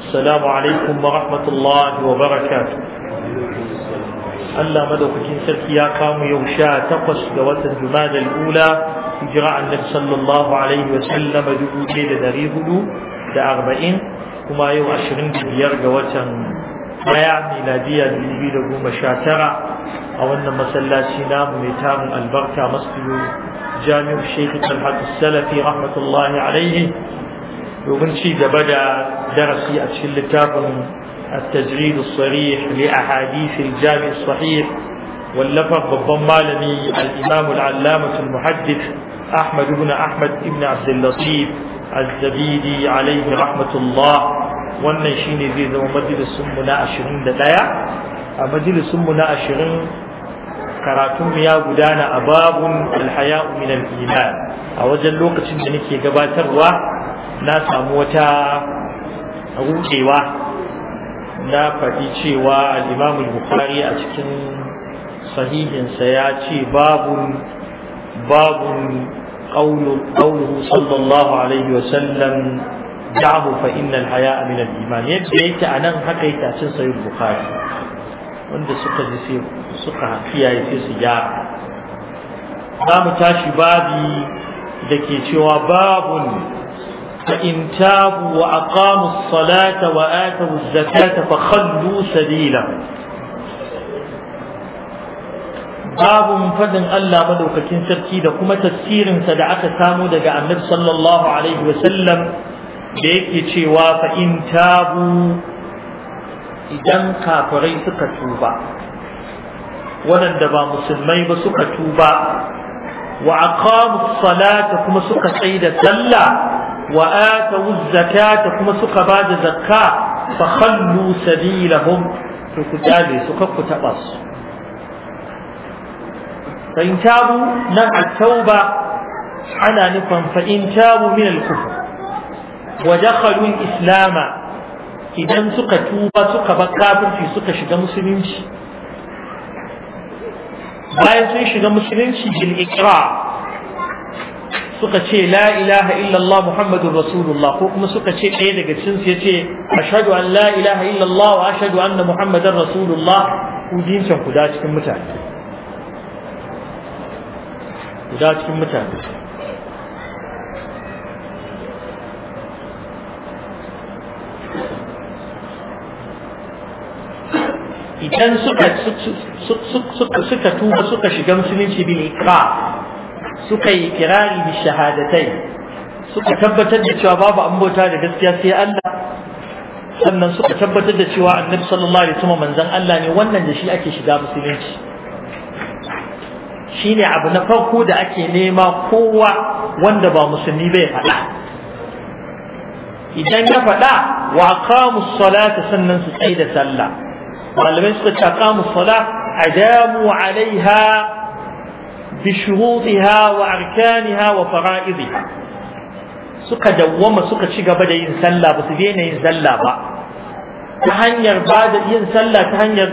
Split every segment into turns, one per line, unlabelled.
Assalamu alaikum wa rahmatullahi wa barakatuhu. Allah madaukakin sarki ya kamu yau sha takwas ga watan Jumadal Ula, hijira annabi sallallahu alaihi wa sallam a dubu ɗaya da ɗari hudu da arba'in kuma yau ashirin biyar ga watan maya miladiya dubu da goma sha tara a wannan masallaci namu mai taron albarka masu Jamiu jami'ar shekutan hadu salafi rahmatullahi alaihi domin ci gaba da darasi a cikin littafin التجريد الصريح لأحاديث الجامع الصحيح واللفظ بالضمالني الإمام العلامة المحدث أحمد بن أحمد بن عبد اللطيف الزبيدي عليه رحمة الله wannan shine zai zama majalisunmu na ashirin da ɗaya a majalisunmu na ashirin karatunmu ya gudana a babun alhaya'u min iman a wajen lokacin da nake gabatarwa na samu wata rukewa na faɗi cewa al bukari a cikin sahihinsa ya ce babun babun ƙaunuhu sallallahu alaihi wa sallam da'hu fa innal iman yadda yake nan haka yake a cikin bukari wanda suka ji suka suka ya su gyara za mu tashi babi da ke cewa babun فإن تابوا وأقاموا الصلاة وآتوا الزكاة فخلوا سبيلهم باب فدن ألا مدوكة سركي دا كما تفسير سدعك سامو دا النبي صلى الله عليه وسلم بيكي تشيوا فإن تابوا إذن كافرين سكتوبا ولن دبا مسلمين بسكتوبا وأقاموا الصلاة كما سكتين سلا وآتوا الزكاة كما سكا بعد زكاة فخلوا سبيلهم فكتابي سكا كتبص فإن تابوا نعم التوبة على نفهم فإن تابوا من الكفر ودخلوا الإسلام إذا سكا توبة سكا بكافر في سكا شكا مسلمين باين سيشكا مسلمين بالإكرام suka ce la ilaha illallah muhammadun rasulullah ko kuma suka ce ɗaya daga cikin su yace ashhadu an la ilaha illallah wa ashhadu anna muhammadar rasulullah ku dincan ku da cikin mutane ku da cikin mutane idan suka suka suka tuba suka shiga musulunci bil ikra suka yi kirari bi shahadatai suka tabbatar da cewa babu an bauta da gaskiya sai Allah sannan suka tabbatar da cewa annabi sallallahu alaihi wasallam manzon Allah ne wannan da shi ake shiga musulunci shine abu na farko da ake nema kowa wanda ba musulmi bai faɗa idan ya faɗa wa aqamus salata sannan su tsaye da sallah malamai suka ce aqamus salat adamu alaiha hawa وأركانها وفرائضها ka dawwama suka ci gaba da yin sallah ba su daina yin sallah ba ta hanyar ba yin sallah ta hanyar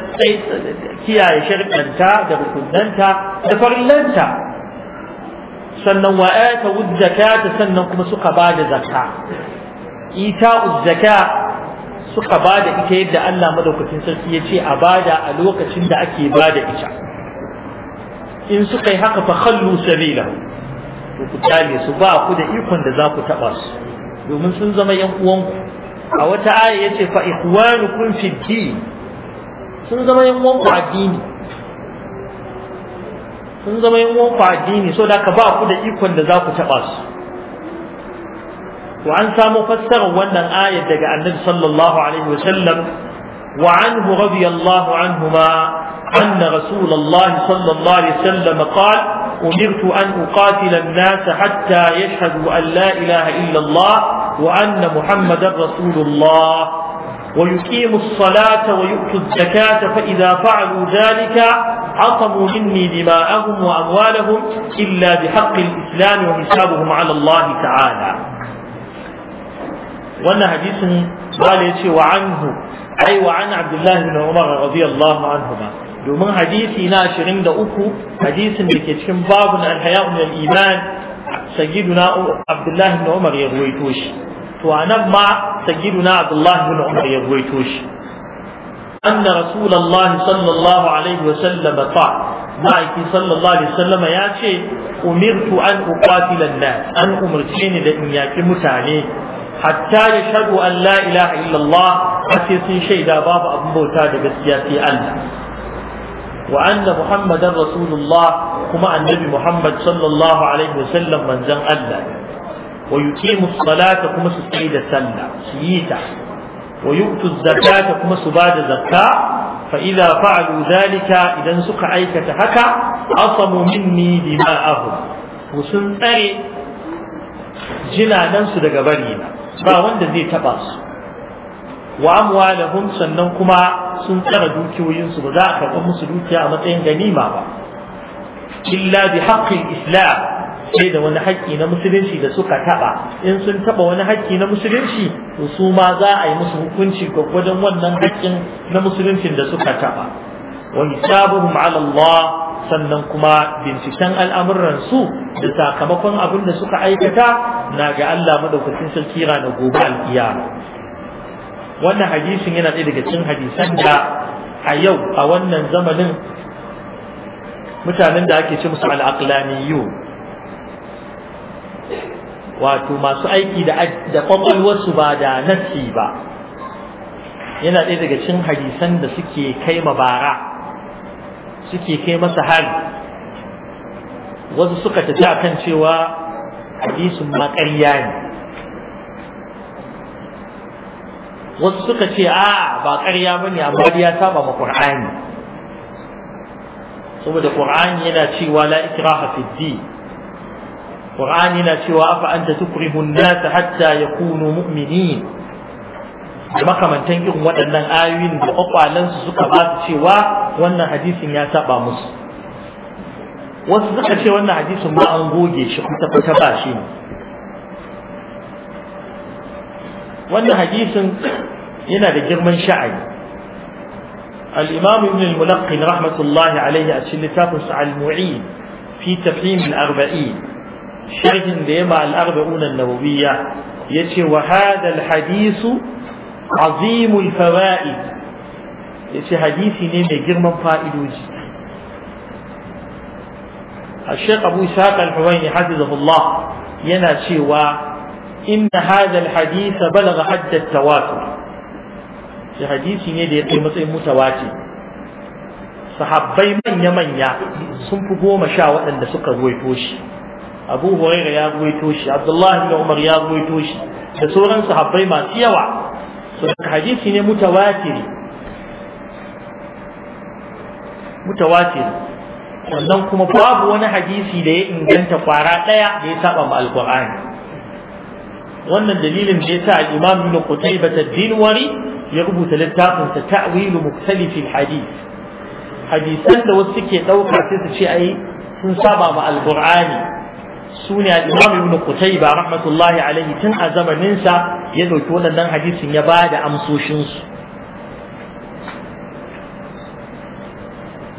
kiyaye sharɗanta da rukunanta da farillanta sannan wa ta zakata sannan kuma suka ba da zakka ita zakka suka ba da ita yadda Allah madaukakin sarki ya ce a bada a lokacin da ake ba da ita in suka yi haka fa khallu sabila to ku kyale su ba ku da ikon da za ku taɓa su domin sun zama yan uwanku a wata aya ce fa ikhwanukum fi din sun zama yan uwanku a dini, sun zama yan uwanku a dini so da ka ba ku da ikon da za ku taɓa su Wa an samu fassarar wannan ayar daga annabi sallallahu alaihi wa sallam wa anhu radiyallahu anhuma أن رسول الله صلى الله عليه وسلم قال أمرت أن أقاتل الناس حتى يشهدوا أن لا إله إلا الله وأن محمدا رسول الله ويقيموا الصلاة ويؤتوا الزكاة فإذا فعلوا ذلك عصموا مني دماءهم وأموالهم إلا بحق الإسلام وحسابهم على الله تعالى وأن حديث قال وعنه أي وعن عبد الله بن عمر رضي الله عنهما domin hadisi na uku, hadisin da ke cikin babun alhaya'u min al Sagidu na Abdullahi na Umar ya ruwaito shi to nan ma na Abdullahi na Umar ya ruwaito shi anna rasulullahi sallallahu alaihi wa sallam ta ma'aiki sallallahu alaihi wa sallam ya ce umirtu an uqatila an-nas ni da in mutane hatta yashhadu an la ilaha illallah har sai sun shaida babu abin bauta da gaskiya wa muhammadan rasulullah kuma annabi muhammad sallallahu alaihi Allah wa yuqimu salata kuma su tsaye da sallah su yi ta wa yu'tu zakata kuma su ba da zakka fa'ida idza fa'alu dhalika idan suka aikata haka asamu minni dima'ahum to sun tsare jinanan su daga bari na ba wanda zai taɓa su wa amwalahum sannan kuma sun tsara dukiyoyinsu ba za a karɓar musu dukiya a matsayin ganima ba illa bi haqqil islam sai da wani haƙƙi na musulunci da suka taɓa in sun taɓa wani haƙƙi na musulunci to su ma za a yi musu hukunci gwagwadon wannan haƙƙin na musuluncin da suka taɓa wa hisabuhum ala Allah sannan kuma binciken al'amuran su da sakamakon abin da suka aikata na ga Allah madaukakin sarki ranar gobe al'iyama wannan hadisin yana ɗaya daga cikin hadisan da a yau a wannan zamanin mutanen da ake ce musu al'aqlaniyu wato masu aiki da su ba da nasi ba yana ɗaya daga cikin hadisan da suke kai ma bara suke kai masa hari wasu suka tafi kan cewa hadisin maƙarya ne wasu suka ce a ba ƙarya ba ne amma ya saba ma ƙur'ani saboda ƙur'ani yana cewa la ikraha fi din ƙur'ani yana cewa afa anta tukrihu an-nas hatta yakunu mu'minin da makamantan irin waɗannan ayoyin da kwakwalansu suka ba su cewa wannan hadisin ya saba musu wasu suka ce wannan hadisin ma an goge shi kuma ba shi ne wannan hadisin yana da girman sha'ani الإمام ابن الملقن رحمة الله عليه أشل تافس على المعين في تفهيم الأربعين شرح ليما الأربعون النووية يتي وهذا الحديث عظيم الفوائد يتي حديثي نيمي جرما فائدوجي الشيخ أبو إسحاق الحويني حفظه الله ينا شيوا inna hadha alhadith balar hadd at-tawatur hadisi ne da ya kai matsayin mutawatir sahabbai manya manya sun fi goma sha waɗanda suka ruwaito shi Abu Hurairah ya ruwaito shi Abdullah ibn Umar ya ruwaito shi da sauran sahabbai masu yawa so hadisi ne sannan kuma babu wani hadisi da ya inganta kwara ɗaya da ya saba ma alkur'ani wannan dalilin da yasa al-imam ibn qutaybah ad-dinwari ya rubuta littafin sa ta'wil mukhtalif al-hadith hadisan da wasu suke dauka sai su ce ai sun saba ma al-qur'ani sune al-imam ibn qutaybah rahmatullahi alayhi tun a zamanin sa ya dauki wannan hadisin ya bada amsoshin su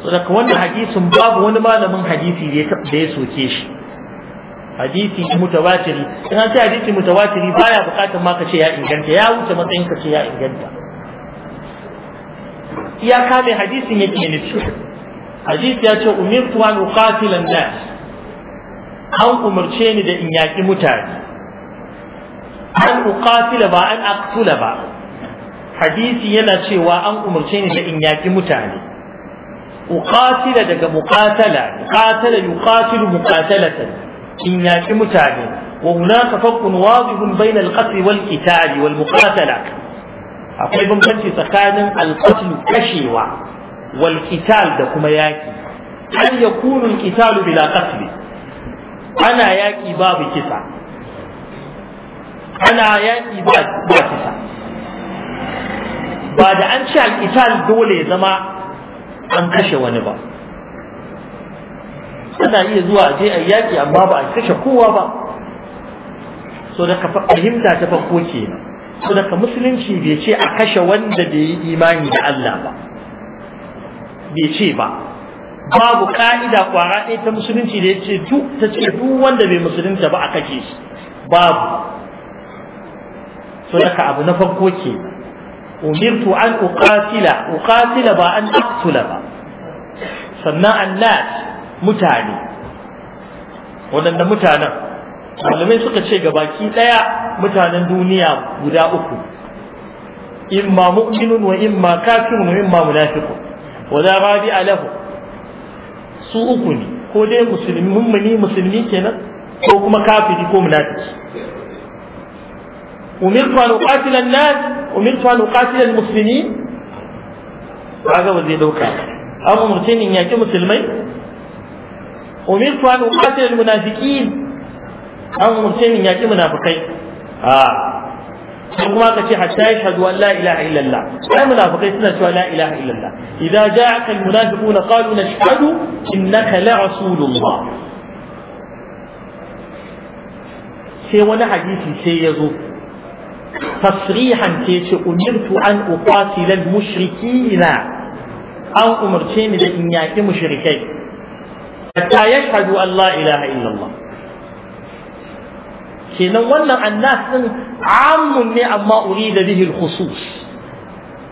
saboda wannan hadisin babu wani malamin hadisi da ya soke shi hadisi mutawatiri in an ce hadisi mutawatiri baya bukatar ma ka ce ya inganta ya wuce matsayin ka ce ya inganta ya kame hadisin yake shi hadisi ya ce umirtu an uqatila an-nas an umarce ni da in yaki mutane an uqatila ba an aqtula ba hadisi yana cewa an umarce ni da in yaki mutane uqatila daga muqatala qatala yuqatilu muqatalatan kin yaki mutane wa hunaka farqun wadihun bainal qatl wal qital wal muqatala akwai bambanci tsakanin al kashewa wal qital da kuma yaƙi. an yakunu al bila qatl ana yaƙi babu kisa ana ba kisa ba da an ci al dole ya zama an kashe wani ba ana iya zuwa a je a yaƙi amma ba a kashe kowa ba so da ka fahimta ta farko kenan so da ka musulunci bai ce a kashe wanda bai yi imani da Allah ba bai ce ba babu ka'ida kwara ɗaya ta musulunci da ya ce ta ce duk wanda bai musulunta ba a kashe shi babu so da ka abu na farko kenan umirtu an uqatila uqatila ba an aqtula ba sannan annas mutane waɗanda mutanen malamai suka ce ga baki ɗaya mutanen duniya guda uku ma mu'minun wa ma kafirun wa ma munafiqun wa la rabi'a alahu, su uku ne ko dai musulmi mummuni musulmi kenan ko kuma kafiri ko munafiki umirtu an uqatila an-nas umirtu an uqatila al-muslimin kaga ba zai dauka an umurce ni yaki musulmai ومنكم أن أقاتل المنافقين أو مرسين من يأتي منافقين ها آه. ثم قال حتى يشهد أن لا إله إلا الله لا منافقين سنة لا إله إلا الله إذا جاءك المنافقون قالوا نشهد إنك لرسول الله sai wani hadisi sai ya zo tasrihan ke ce umirtu an uqatila al mushrikina an umurce hatta yashhadu an la ilaha kenan wannan annas din ammun ne amma uri bihi al-khusus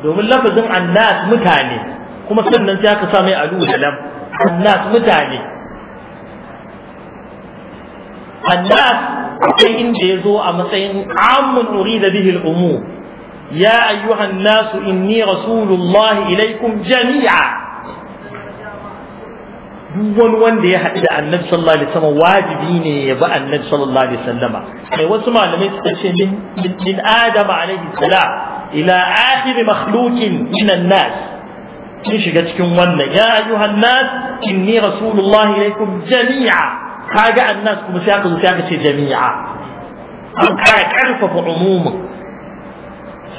domin lafazin annas mutane kuma sannan sai aka sami mai alu annas mutane annas akwai inda ya zo a matsayin ammun uri bihi al-umum ya ayyuhan nasu inni rasulullahi ilaikum jami'a duk wani wanda ya haɗu da annabi sallallahu alaihi wasallam wajibi ne ya bi annabi sallallahu alaihi wasallam kai wasu malamai suka ce min min adam alaihi salam ila akhir makhluqin min an-nas kin shiga cikin wannan ya ayyuhan nas inni rasulullahi ilaikum jami'a kaga annas kuma sai aka zo sai aka ce jami'a an kara karfafa umumin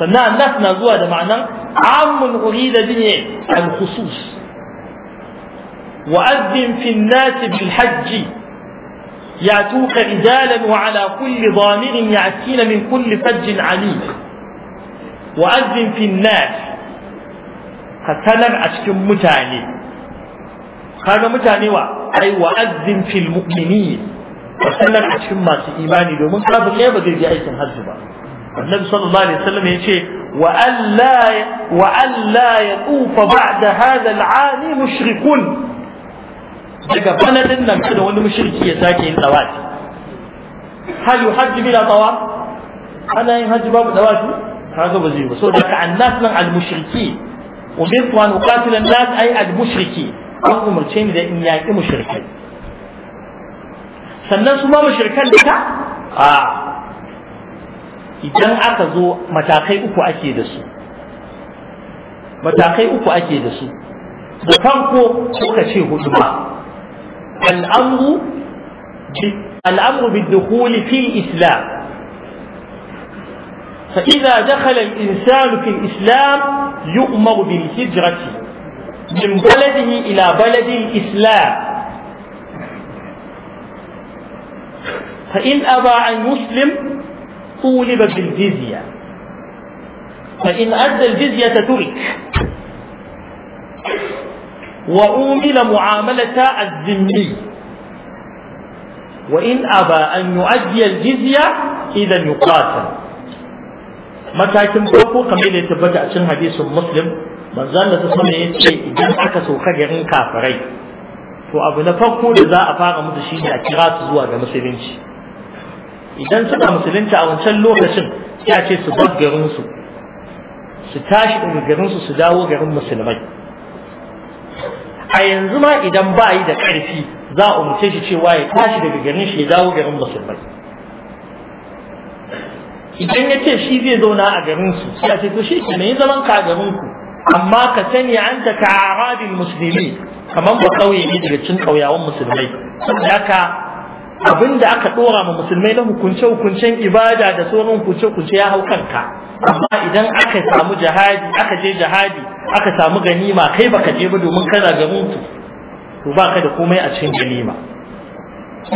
sannan annas na zuwa da ma'anan amun urida bihi al-khusus وأذن في الناس بالحج يأتوك رجالا وعلى كل ضامر يأتين من كل فج عليم وأذن في الناس فسلم أشكم متاني هذا متاني أي وأذن في المؤمنين فسلم أشكم ما في إيماني لهم كافر ليه بدي جاي هزبا النبي صلى الله عليه وسلم يشي وألا وألا يطوف بعد هذا العام مشركون daga din nan kada wani mushriki ya sake yin tawaf hal yuhajj bila tawaf ana yin hajji babu tawaf kaga ba zai ba saboda ka annas nan al mushriki umirtu an uqatil an nas ay al mushriki an umurce ni da in yaƙi mushrikai sannan su ma mushrikan duka a idan aka zo matakai uku ake da su matakai uku ake da su da kanko suka ce hudu ba الأمر الأمر بالدخول في الإسلام فإذا دخل الإنسان في الإسلام يؤمر بالهجرة من بلده إلى بلد الإسلام فإن أبى أن يسلم طولب بالجزية فإن أدى الجزية ترك وأومل معاملة الذمي وإن ba an yi ajiyar إذا يقاتل matakin farko kamar da ya tabbata a cikin hadisin muslim manzon da sama ya ce idan aka sauka garin kafirai to abu na farko da za a fara musu shine a kira su zuwa ga musulunci idan suka musulunta a wancan lokacin ya ce su bar garin su tashi daga garin su su dawo garin musulmai a yanzu ma idan ba yi da ƙarfi za a umarce shi cewa ya tashi daga garin shi ya dawo garin musulmai idan ya ce shi zai zauna a garin su sai a ce to shi ke mai zaman ka garin ku amma ka sani an ta ka arabin musulmi kamar ba kauye ne daga cin kauyawan musulmai saboda haka abin da aka dora ma musulmai na hukunce-hukuncen ibada da sauran hukunce-hukunce ya hau kanka amma idan aka samu jihadi aka je jihadi aka samu ganima kai baka je ba domin kana garin su to baka da komai a cikin ganima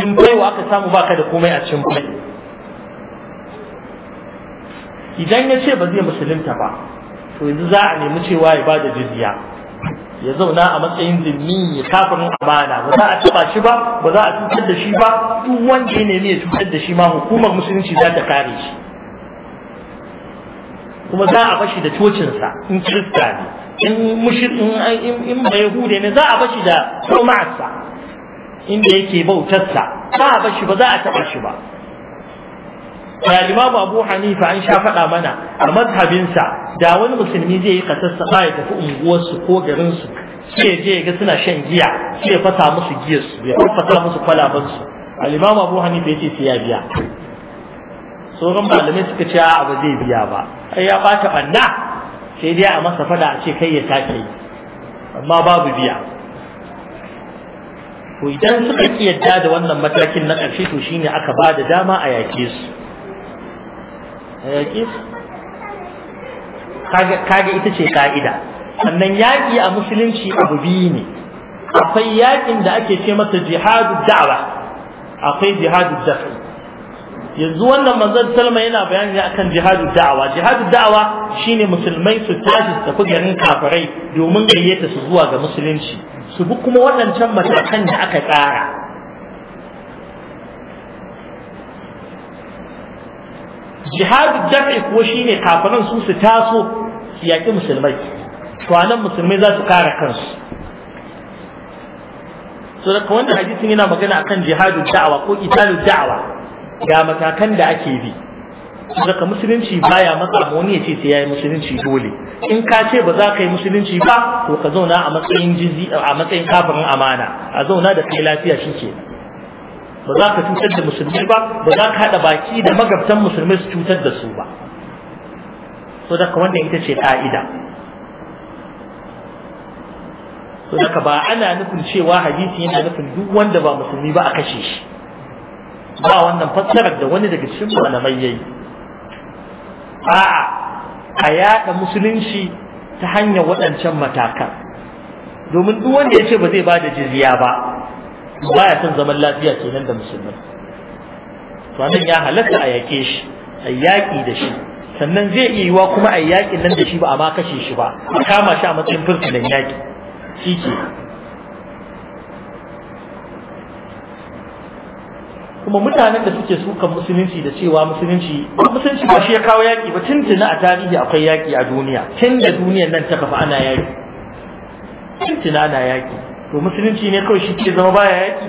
in baiwa aka samu baka da komai a cikin bai idan ya ce ba zai musulunta ba to yanzu za a nemi cewa ya bada jizya ya zauna a matsayin zimmi kafirin amana ba za a taba shi ba ba za a cutar da shi ba duk wanda ya nemi ya cutar da shi ma hukumar musulunci za ta kare shi kuma za a bashi da cocinsa in kirista ne in mushir in in yahude ne za a bashi da jama'arsa inda yake bautarsa za a bashi ba za a taba shi ba ya limamu abu hanifa an sha faɗa mana a mazhabinsa da wani musulmi zai yi kasassa ya tafi unguwarsu ko garinsu sai je ga suna shan giya sai fasa musu giyarsu ya fasa musu kwalabansu alimamu abu hanifa ya ce sai ya biya sauran malamai suka ce a ba zai biya ba ai ya bata banna sai dai a masa fada a ce kai ya sake amma babu biya to idan suka ki yadda da wannan matakin na ƙarshe to shine aka ba da dama a yake su kaga ita ce ka'ida sannan yaƙi a musulunci abu biyu ne akwai yaƙin da ake ce masa jihadu da'wa akwai jihadu dafi yanzu wannan manzon salma yana bayani akan jihadu da'wa jihadu da'wa shine musulmai su tashi su tafi garin kafirai domin gayyata su zuwa ga musulunci su bi kuma waɗancan matakan da aka tsara jihadu daf'i kuwa shine kafiran su su taso su musulmai to anan musulmai za su kare kansu to da wanda hadisin yana magana akan jihadin da'awa ko qitalul da'awa ga matakan da ake bi daga musulunci baya matsa wani ya ce sai yayi musulunci dole in ka ce ba za ka yi musulunci ba to ka zauna a matsayin jizi a matsayin kafirin amana a zauna da kai lafiya shikenan ba za ka cutar da musulmi ba ba za ka haɗa baki da magabtan musulmi su cutar da su ba so daga wannan ita ce ƙa'ida so daga ba ana nufin cewa hadisi yana nufin duk wanda ba musulmi ba a kashe shi ba wannan fassarar da wani daga cikin malamai yayi a'a a yaɗa musulunci ta hanyar waɗancan matakan domin duk wanda ya ce ba zai ba da jizya ba ba ya son zaman lafiya kenan da musulmai to nan ya halatta a yake shi a yaƙi da shi sannan zai iya yiwa kuma a yaƙin nan da shi ba a ma kashe shi ba a kama shi a matsayin fursunan yaƙi shi ke kuma mutanen da suke sukan musulunci da cewa musulunci musulunci ba shi ya kawo yaƙi ba tuntuna a tarihi akwai yaƙi a duniya tun da duniyar nan ta kafa ana yaƙi ana yaƙi to musulunci ne kawai shi ke zama baya yaki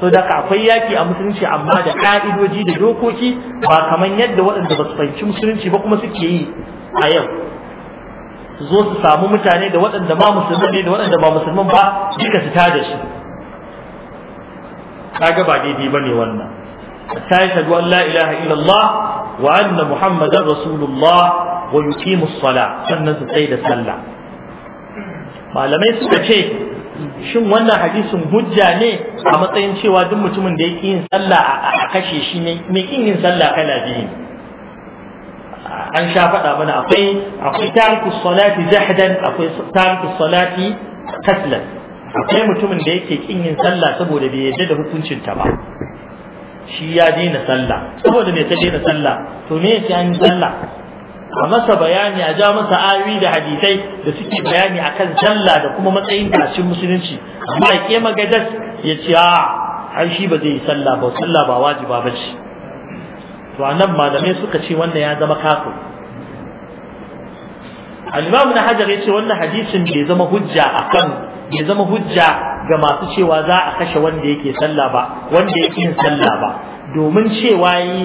so da akwai yaki a musulunci amma da ka'idoji da dokoki ba kamar yadda waɗanda ba su fahimci musulunci ba kuma suke yi a yau zo su samu mutane da waɗanda ba musulmi ne da waɗanda ba musulman ba duka su da su kaga ba daidai ba ne wannan ta yi shaɗu an la ilaha illallah wa anna muhammadan rasulullah wa yuqimu sala sannan su tsaye da sallah malamai suka ce shin wannan hadisin hujja ne a matsayin cewa duk mutumin da yake yin sallah a kashe shi ne mai kin yin sallah kala biyu an sha faɗa mana akwai akwai tarikus salati jahdan akwai tarikus salati kaslan akwai mutumin da yake kin yin sallah saboda bai yarda da hukuncin ta ba shi ya daina sallah saboda bai ta daina sallah to me yake an sallah a masa bayani a ja masa ayoyi da hadisai da suke bayani akan sallah da kuma matsayin tashin musulunci amma ya ke magadas ya ce a ah, har shi ba zai yi sallah ba sallah ba wajiba ba ce to a nan malamai suka ce wannan ya zama kafin. al na hajar ya ce wannan hadisin bai zama hujja kan bai zama hujja ga masu cewa za a kashe wanda yake sallah ba wanda yake yin sallah ba domin cewa yi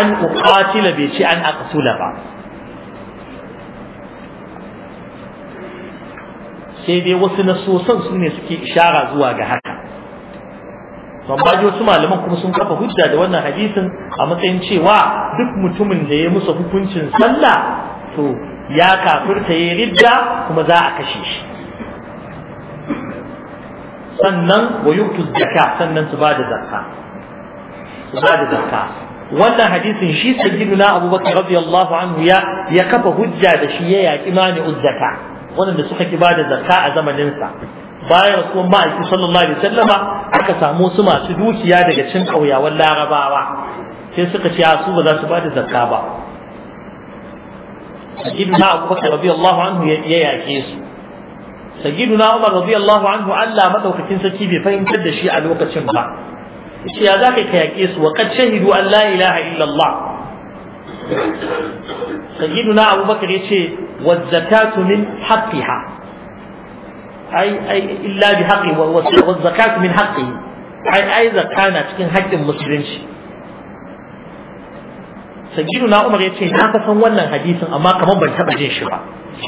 an uqatila bai ce an aqtula ba sai dai wasu nasosan su ne suke ishara zuwa ga haka don wasu malaman kuma sun kafa hujja da wannan hadisin a matsayin cewa duk mutumin da ya musa hukuncin sallah to ya kafirta ya ridda kuma za a kashe shi sannan wa yutu zakka sannan su bada zakka su bada zakka wannan hadisin shi sayyiduna abubakar radiyallahu anhu ya ya kafa hujja da shi ya yaki mani uzzaka waɗanda suka ki bada zakka a zamaninsa, sa bayan rasuwan ma'aiki sallallahu alaihi sallama aka samu su masu dukiya daga cin ƙauyawan larabawa sai suka ce su ba za su ba da zakka ba sagiduna abubakar Allahu anhu ya yake su sagiduna umar Allahu anhu allah madaukakin sarki bai fahimtar da shi a lokacin ba yace ya za ka yaƙe su wa qad shahidu an la ilaha illallah
Abu
sagiduna ya ce. والزكاه من حقها اي اي الا بحقه والزكاه من حقه اي اي زكاه na cikin haƙƙin musulunci سيدنا عمر yace na fasan wannan hadisin amma kamar ban taba jin shi ba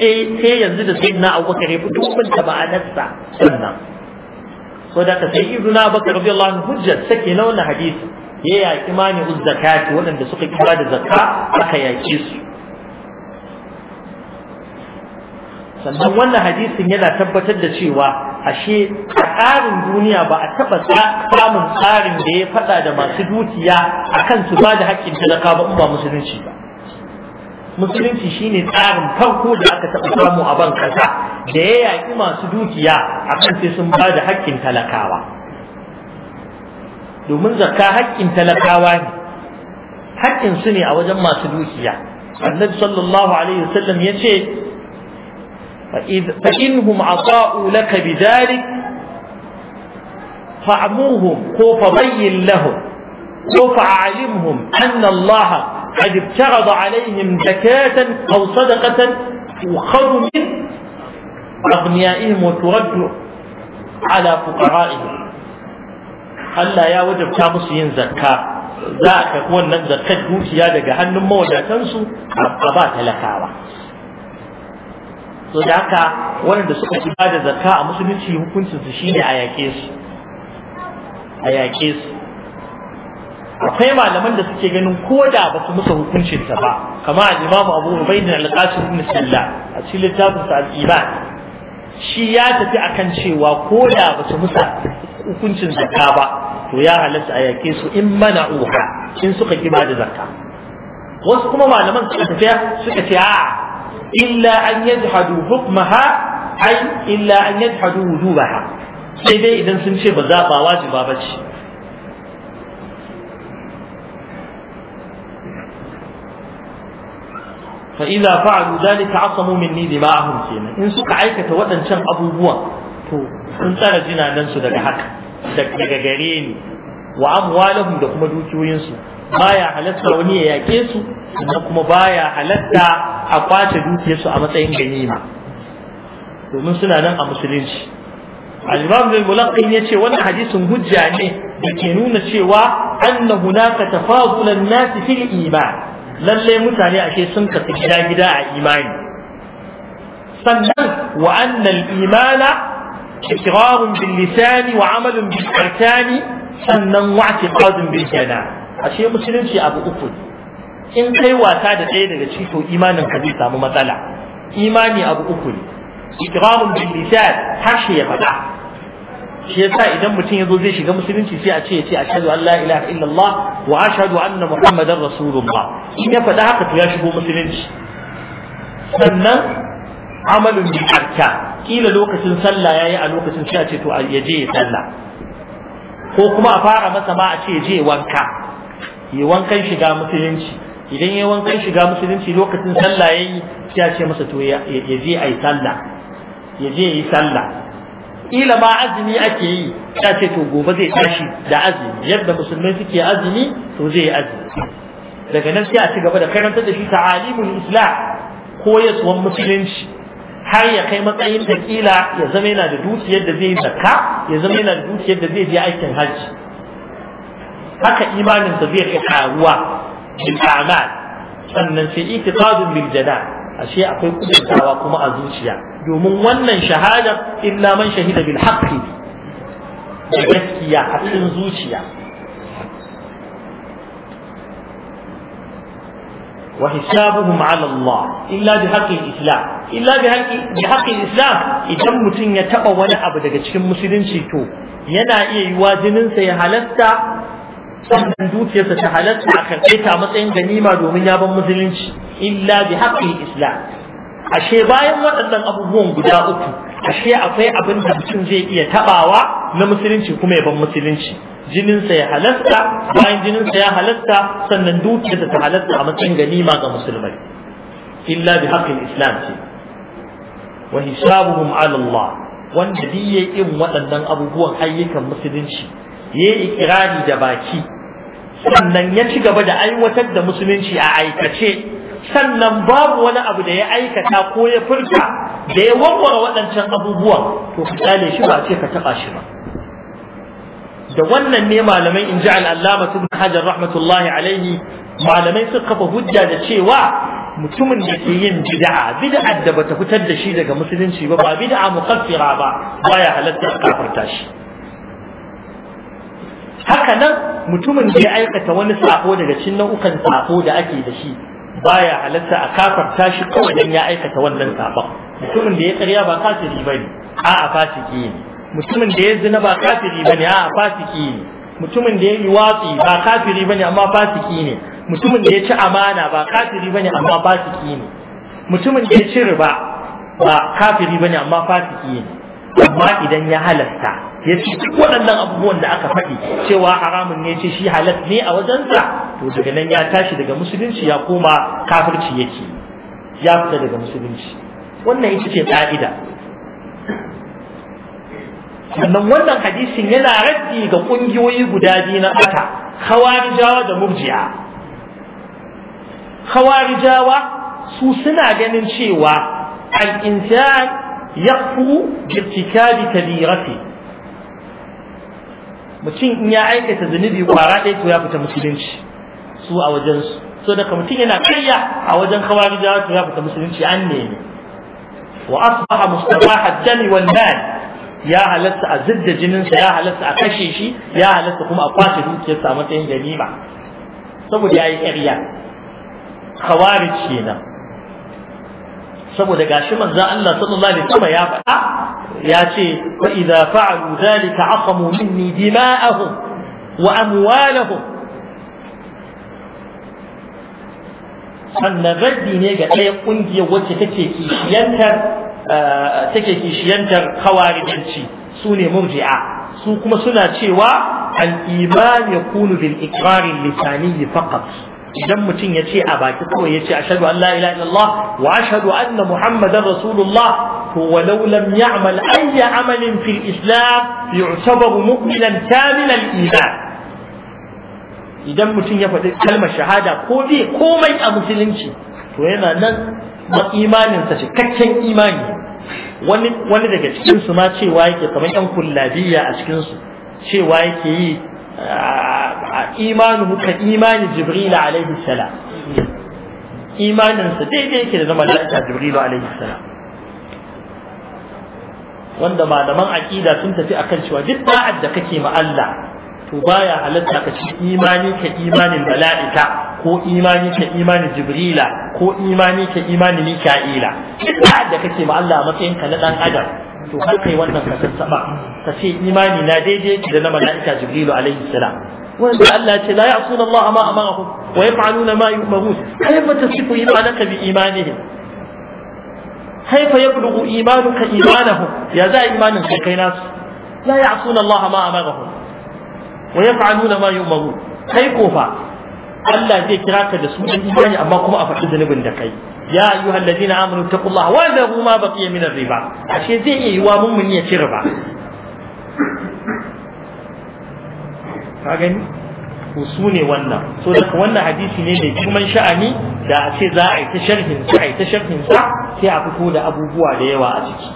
sai yanzu da sai na Abu Bakar ya fito ban taba anarsa sannan so da ka sayyiduna Abu Bakar radiyallahu anhu hujja sake na wannan hadisi ya yaki mani uz zakati suka kira da zakka aka yaki su sannan wannan hadisin yana tabbatar da cewa ashe tsarin duniya ba a taɓa samun tsarin da ya faɗa da masu dukiya akan su ba da haƙƙin talaka ba in ba musulunci ba musulunci shine tsarin farko da aka taɓa samu a ban ƙasa da ya yaƙi masu dukiya akan sai sun ba da haƙƙin talakawa domin zakka haƙƙin talakawa ne haƙƙin su ne a wajen masu dukiya annabi sallallahu alaihi wasallam ya ce فإنهم عطاؤوا لك بذلك فأعمرهم فبين لهم فأعلمهم أن الله قد ابتغض عليهم زكاة أو صدقة تؤخذ من أغنيائهم وترد على فقرائهم قال لا يا وجب كامس ينزكى ذاك هو النزكى الدوكي هذا جهنم موجة تنسو أبقى باتلكاوة so da haka waɗanda suka ci da zakka a musulunci hukuncin su shine a yaƙe su a yaƙe su akwai malaman da suke ganin ko da ba su musu hukuncin ta ba kama al-Imam Abu Ubayd al-Qasim ibn Sallah a cikin littafin sa al-Iman shi ya tafi akan cewa ko da ba su musu hukuncin zakka ba to ya halatta a yaƙe su in mana'uha in suka ki da zakka wasu kuma malaman suka tafiya suka ce a'a illa an yajhadu hukmaha ai illa an yajhadu wujubaha sai dai idan sun ce ba za ba wajiba ba ce fa idza fa'alu dhalika asamu minni dima'ahum kenan in suka aikata waɗancan abubuwan to sun tsara jinanan daga haka daga gare ni wa amwalahum da kuma dukiyoyinsu baya halarta wani ya yake su sannan kuma baya halarta. a kwace dukiyarsu a matsayin ganima domin suna nan a musulunci al-imam bin mulaqqin yace wannan hadisin hujja ne da ke nuna cewa anna hunaka tafadulan nas fil iman lalle mutane ashe sun kasu gida gida a imani sannan wa anna al-imana اقرار باللسان وعمل بالاركان sannan واعتقاد بالجنان ashe musulunci abu uku in kai wasa da ɗaya daga ciki to imanin ka zai samu matsala imani abu uku ne ikramun bil harshe ya faɗa shi yasa idan mutum yazo zai shiga musulunci sai a ce ce ashhadu an la ilaha illallah wa ashhadu anna muhammadar rasulullah in ya faɗa haka to ya shigo musulunci sannan amalun bil arka kila lokacin sallah yayi a lokacin sai a ce to ya je ya sallah ko kuma a fara masa ma a ce je wanka yi wankan shiga musulunci idan ya wankan shiga musulunci lokacin sallah yayi sai a ce masa to ya je ayi sallah ya je yi sallah ila ma azumi ake yi ya ce to gobe zai tashi da azumi yadda musulmai suke azumi to zai yi azumi daga nan sai a ci gaba da karanta da shi ta'alimul islam koyaswan musulunci har ya kai matsayin da kila ya zama yana da dukiyar da zai zakka ya zama yana da dukiyar da zai je aikin hajji haka imaninsa zai kai karuwa fil a'mal sannan sai itiqadun bil janan ashe akwai kudurtawa kuma a zuciya domin wannan shahada illa man shahida bil haqqi da gaskiya a cikin zuciya وحسابهم على الله إلا بحق الإسلام إلا بحق, بحق الإسلام إذا متن يتقى ولا أبدا كم مسلم شيتو ينا إيه يوازنن سيهالستا sannan dukiyarsa ta halatta a karɓe ta matsayin ganima domin ya ban musulunci illa bi haƙƙin islam ashe bayan waɗannan abubuwan guda uku ashe akwai abin da mutum zai iya taɓawa na musulunci kuma ya ban musulunci jininsa ya halatta bayan jininsa ya halatta sannan dukiyarsa ta halatta a matsayin ganima ga musulmai illa bi haƙƙin islam ce wa hisabuhum ala Allah wanda duk yayin waɗannan abubuwan ayyukan musulunci yayi ikirari da baki sannan ya ci gaba da aiwatar da musulunci a aikace sannan babu wani abu da ya aikata ko ya furta da ya wanware waɗancan abubuwan to ka kyale shi ba ce ka taɓa shi ba da wannan ne malamai in ji al'allama tun hajar rahmatullahi alaihi malamai sun kafa hujja da cewa mutumin da ke yin bid'a bid'a da bata fitar da shi daga musulunci ba ba bid'a mukaffira ba baya halatta kafarta shi haka nan mutumin da ya aikata wani sako daga cikin nau'ukan sako da ake da shi baya halatta a kafarta shi kawai dan ya aikata wannan sakon mutumin da ya karya ba kafiri bane a'a fasiki ne mutumin da ya zina ba kafiri bane a'a fasiki ne mutumin da ya yi watsi ba kafiri bane amma fasiki ne mutumin da ya ci amana ba kafiri bane amma fasiki ne mutumin da ya ci riba ba kafiri bane amma fasiki ne amma idan ya halasta ya ce duk waɗannan abubuwan da aka faɗi cewa haramun ne ce shi halal ne a wajensa to daga nan ya tashi daga musulunci ya koma kafirci yake ya fita daga musulunci wannan ita ce ƙa'ida sannan wannan hadisin yana raddi ga ƙungiyoyi guda biyu na ɓata Kawarijawa da Murjiya. Kawarijawa su suna ganin cewa al-insan yaqfu bi irtikabi kabirati mutum in ya aikata zunubi kwara ɗaya to ya fita musulunci su a wajen su so daga mutum yana karya a wajen kawari da ya fita musulunci an nemi wa asbaha mustafa dami wal mal ya halatta a zidda jinin ya halatta a kashe shi ya halatta kuma a kwace dukiyarsa sa matsayin ganima saboda yayi karya khawarij kenan saboda gashi manzo Allah sallallahu alaihi wasallam ya faɗa ياتي واذا فعلوا ذلك عصموا مني دماءهم واموالهم dima'ahum sannan raddi ne ga ɗaya ƙungiyar wacce take kishiyantar take kishiyantar kawarijanci su ne murji'a su kuma suna cewa al-iman yakunu bil iqrari lisani faqat idan mutum ya ce a baki kawai ya ce ashadu an la ilaha illallah wa ashadu anna muhammadan rasulullah ولو لم يعمل أي عمل في الإسلام يعتبر مؤمنا كامل الإيمان idan mutum ya faɗi kalmar shahada ko bai komai a musulunci to yana nan imaninsa cikakken imani wani wani daga cikin su ma cewa yake kamar yan kullabiya a cikin su cewa yake yi a imanuhu ka imani jibril alaihi salam imaninsa daidai yake da zama lafiya jibril alaihi salam wanda malaman aqida sun tafi akan cewa duk da'ar da kake ma Allah to baya halatta ka ci imani ka imanin mala'ika ko imani ka imanin jibrila ko imani ka imanin mika'ila duk da'ar da kake ma Allah a matsayin ka na dan adam to har kai wannan ka sassaba ka ce imani na daidai da na mala'ika jibrilu alaihi salam وأن لا لا يعصون الله ما أمرهم ويفعلون ما يؤمرون كيف تصف bi بإيمانهم kaifa yablughu imanuka imanahum ya za imanin kai kai nasu la ya'suna Allah ma amarahum wa yaf'aluna ma yu'marun kai ko fa Allah zai kira ka da sunan imani amma kuma a faɗi zunubin da kai ya ayyuhal ladina amanu taqullaha wa dharu ma baqiya min ar-riba ashe zai iya yiwa mummuni ya ci riba ka gani su ne wannan so daga wannan hadisi ne mai girman sha'ani da a ce za a yi ta sharhin sa a yi ta sharhin sai a fito da abubuwa da yawa a ciki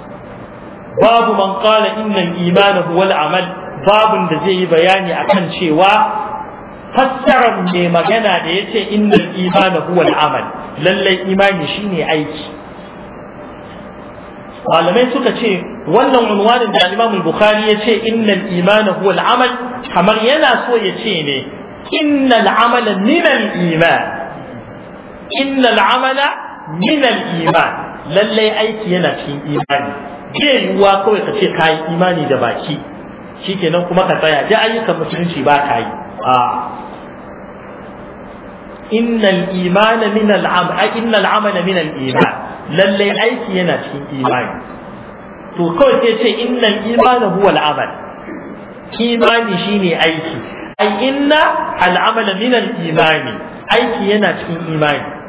babu man qala innal imana huwa al-amal babun da zai yi bayani akan cewa fassarar mai magana da yace innal imana huwa al-amal lallai imani shine aiki malamai suka ce wannan unwanin da Imam Bukhari ya ce innal imana huwa al-amal kamar yana so ya ce ne innal amala min al-iman innal amala min al iman lalle aiki yana cikin imani bai yiwuwa kawai ka ce ka yi imani da baki shikenan kuma ka tsaya da ayyukan musulunci ba ka yi a innal imana min al amala innal amala min al iman lalle aiki yana cikin imani to kawai sai ce innal imana huwa al amal imani shine aiki ai inna al amala min al imani aiki yana cikin imani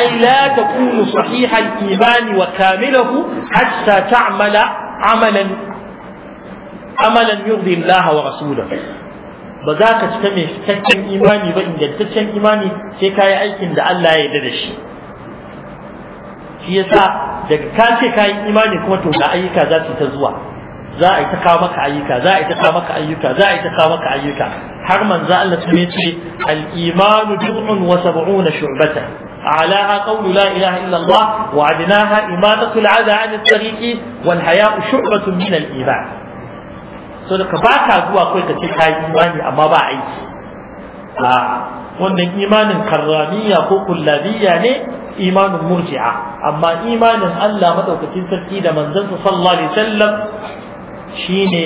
أي لا تكون صحيح الإيمان وكامله حتى تعمل عملا عملا يرضي الله ورسوله بذاك تكمي تكتم إيماني بإن تكتم إيماني تكاي أيكن لألا يددش في يسا كان تكاي إيماني كمتو لا أيكا ذات تزوى za'a ita kawo maka ayyuka za'a ita kawo maka ayyuka za'a ita kawo maka ayyuka har manzo Allah ta ce al-imanu 70 shu'bata أعلاها قول لا إله إلا الله وأدناها إماتة العذى عن الطريق والحياء شعبة من الإيمان kai ka ce ka yi كاي amma ba aiki. أيكي wannan imanin karramiya ko kullabiya ne imanin murji'a amma imanin Allah madaukakin sarki da manzansa sallallahu alaihi wasallam shine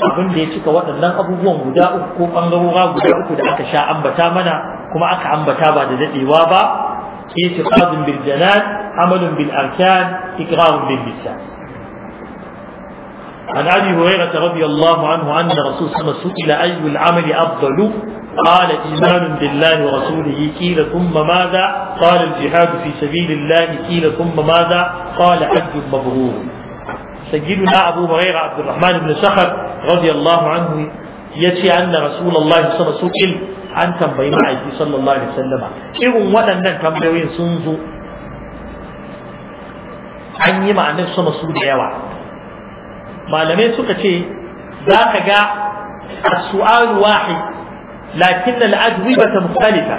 abin da ya cika waɗannan abubuwan guda uku ko ɓangarora guda uku da aka sha ambata mana kuma aka ambata ba da daɗewa ba اعتقاد بالجنان عمل بالأركان اكرام باللسان عن أبي هريرة رضي الله عنه أن رسول صلى الله عليه وسلم سئل أي العمل أفضل قال إيمان بالله ورسوله قيل ثم ماذا قال الجهاد في سبيل الله قيل ثم ماذا قال حج مبرور سيدنا أبو هريرة عبد الرحمن بن سخر رضي الله عنه يتي أن رسول الله صلى الله عليه وسلم سئل an tambayi ma'aiki sallallahu alaihi wasallama irin waɗannan tambayoyin sun zo an yi ma'anin sama su da yawa malamai suka ce za ka ga as-su'al wahid lakin al-ajwibata mukhtalifa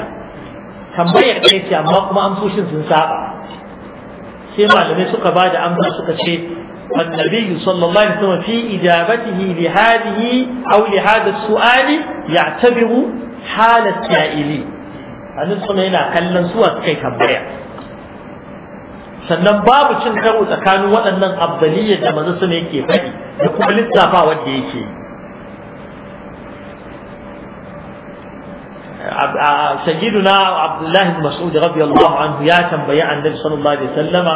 tambayar ɗaya ce amma kuma amsoshin sun saba sai malamai suka ba da amsa suka ce والنبي صلى الله عليه وسلم في إجابته لهذه أو لهذا السؤال يعتبر halar sa'ili annin suna yana kallon suwa suka yi tambaya sannan babu cin karo tsakanin waɗannan abdaliyyar da manzo suna yake faɗi da kuma lissafa wanda yake yi سيدنا عبد الله بن مسعود رضي الله عنه يا تنبيا عن النبي صلى الله عليه وسلم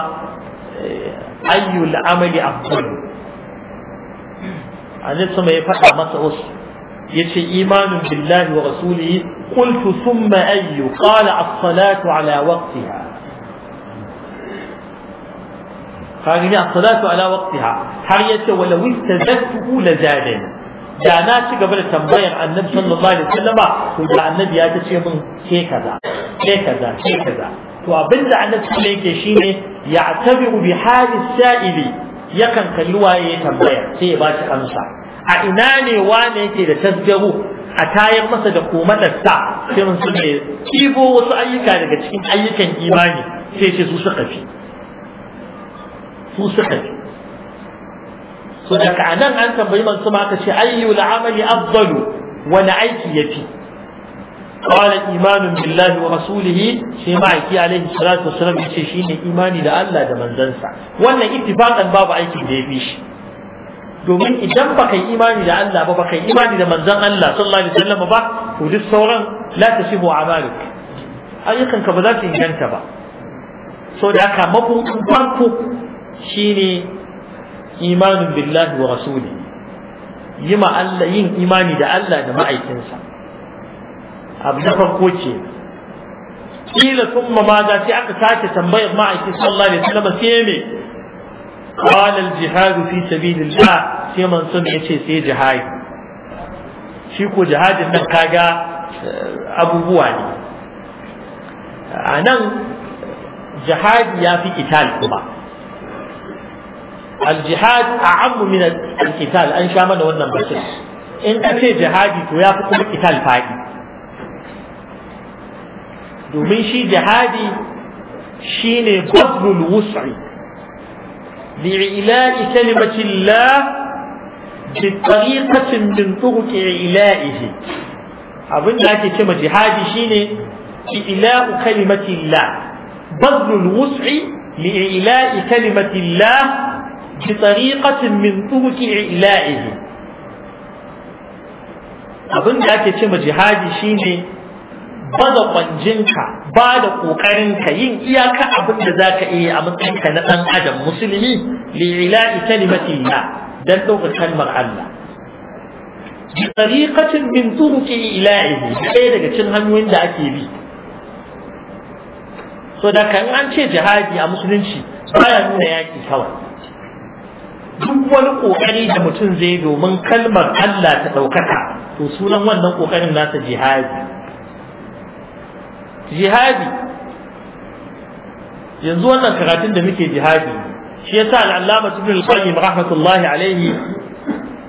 أي العمل أفضل النبي صلى يفتح مسعود يشي إيمان بالله ورسوله قلت ثم أي قال الصلاة على وقتها فهذه الصلاة على وقتها حرية ولو استزدت لزاد دعناك قبل عن النبي صلى الله عليه وسلم وجاء النبي يأتي من كذا كذا كذا وابن عن السلي كشين يعتبر بحال السائل يكن كلوا يتبين سيباتي أنصار a ina ne wane yake da tasgaro a tayar masa da komatarsa sai mun su kibo wasu ayyuka daga cikin ayyukan imani sai ce su su suka fi so anan an tambayi man maka ce ayyu amali afdalu wani aiki ya fi qala imanun billahi wa rasulihi shi ma'aiki alaihi salatu wassalam ya ce shine imani da Allah da manzansa wannan ittifaqan babu aikin da ya fi shi domin idan baka yi imani da Allah ba baka yi imani da manzon Allah sallallahu alaihi wasallam ba to duk sauran la tasibu amaluk ayyukan ka ba za su inganta ba so da haka mabudin farko shine imanin billahi wa rasuli yima Allah yin imani da Allah da ma'aikinsa abu na farko ce kila thumma ma za sai aka sake tambayar ma'aikin sallallahu alaihi wasallam sai me قال الجهاد في سبيل الله sai mansun ya ce sai jihadi shi ko jihadin nan kaga abubuwa ne a nan jihadi ya fi qital kuma al-jihad a'ammu min al an sha mana wannan bashin in ka ce jihadi to ya fi kuma qital fadi domin shi jihadi shine qasdul wusri. لإعلاء كلمة الله بطريقة من طرق إعلائه أظن أنك كما جهادي شيني إعلاء كلمة الله بذل الوسع لإعلاء كلمة الله بطريقة من طرق إعلائه أظن أنك كما جهادي شيني baza kwanjinka ba da ka yin iyaka abin da zaka iya a matsayinka na ɗan adam musulmi kalimati ya don ɗaukar kalmar Allah bi tariqatin min turuki ilahi ɗaya daga cikin hanyoyin da ake bi so da kan an ce jihadi a musulunci baya nuna yaƙi kawai duk wani ƙoƙari da mutum zai domin kalmar Allah ta ɗaukaka to sunan wannan ƙoƙarin nasa jihadi jihadi yanzu wannan karatun da muke jihadi shi yasa al'allama ibn al-qayyim rahmatullahi alaihi